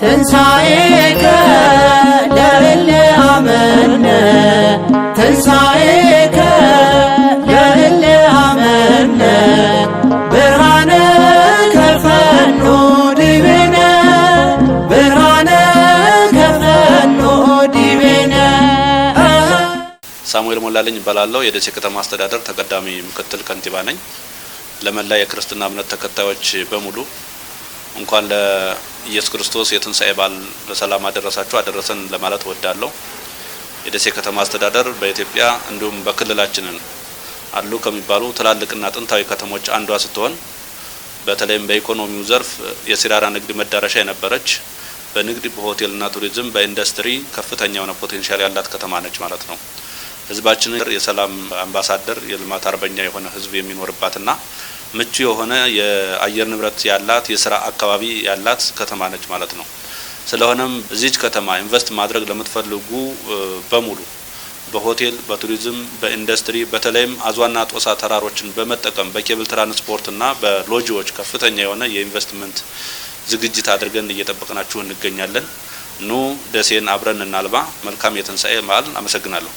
ትንሣኤከ ለእለ አመነ ትንሣኤከ ለእለ አመነ ብርሃነ ከፈኑ ዲቤነ ብርሃነ ከፈኑ ዲቤነ ሳሙኤል ሞላልኝ እባላለሁ። የደሴ ከተማ አስተዳደር ተቀዳሚ ምክትል ከንቲባ ነኝ። ለመላ የክርስትና እምነት ተከታዮች በሙሉ እንኳን ለኢየሱስ ክርስቶስ የትንሣኤ በዓል በሰላም አደረሳችሁ አደረሰን ለማለት ወዳለሁ። የደሴ ከተማ አስተዳደር በኢትዮጵያ እንዲሁም በክልላችንን አሉ ከሚባሉ ትላልቅና ጥንታዊ ከተሞች አንዷ ስትሆን በተለይም በኢኮኖሚው ዘርፍ የሲራራ ንግድ መዳረሻ የነበረች በንግድ በሆቴልና ቱሪዝም በኢንዱስትሪ ከፍተኛ የሆነ ፖቴንሻል ያላት ከተማ ነች ማለት ነው። ህዝባችን የሰላም አምባሳደር የልማት አርበኛ የሆነ ህዝብ የሚኖርባትና ምቹ የሆነ የአየር ንብረት ያላት የስራ አካባቢ ያላት ከተማ ነች ማለት ነው። ስለሆነም እዚች ከተማ ኢንቨስት ማድረግ ለምትፈልጉ በሙሉ በሆቴል፣ በቱሪዝም፣ በኢንዱስትሪ በተለይም አዟና ጦሳ ተራሮችን በመጠቀም በኬብል ትራንስፖርትና በሎጂዎች ከፍተኛ የሆነ የኢንቨስትመንት ዝግጅት አድርገን እየጠበቅናችሁ እንገኛለን። ኑ ደሴን አብረን እናልማ። መልካም የትንሳኤ በዓል። አመሰግናለሁ።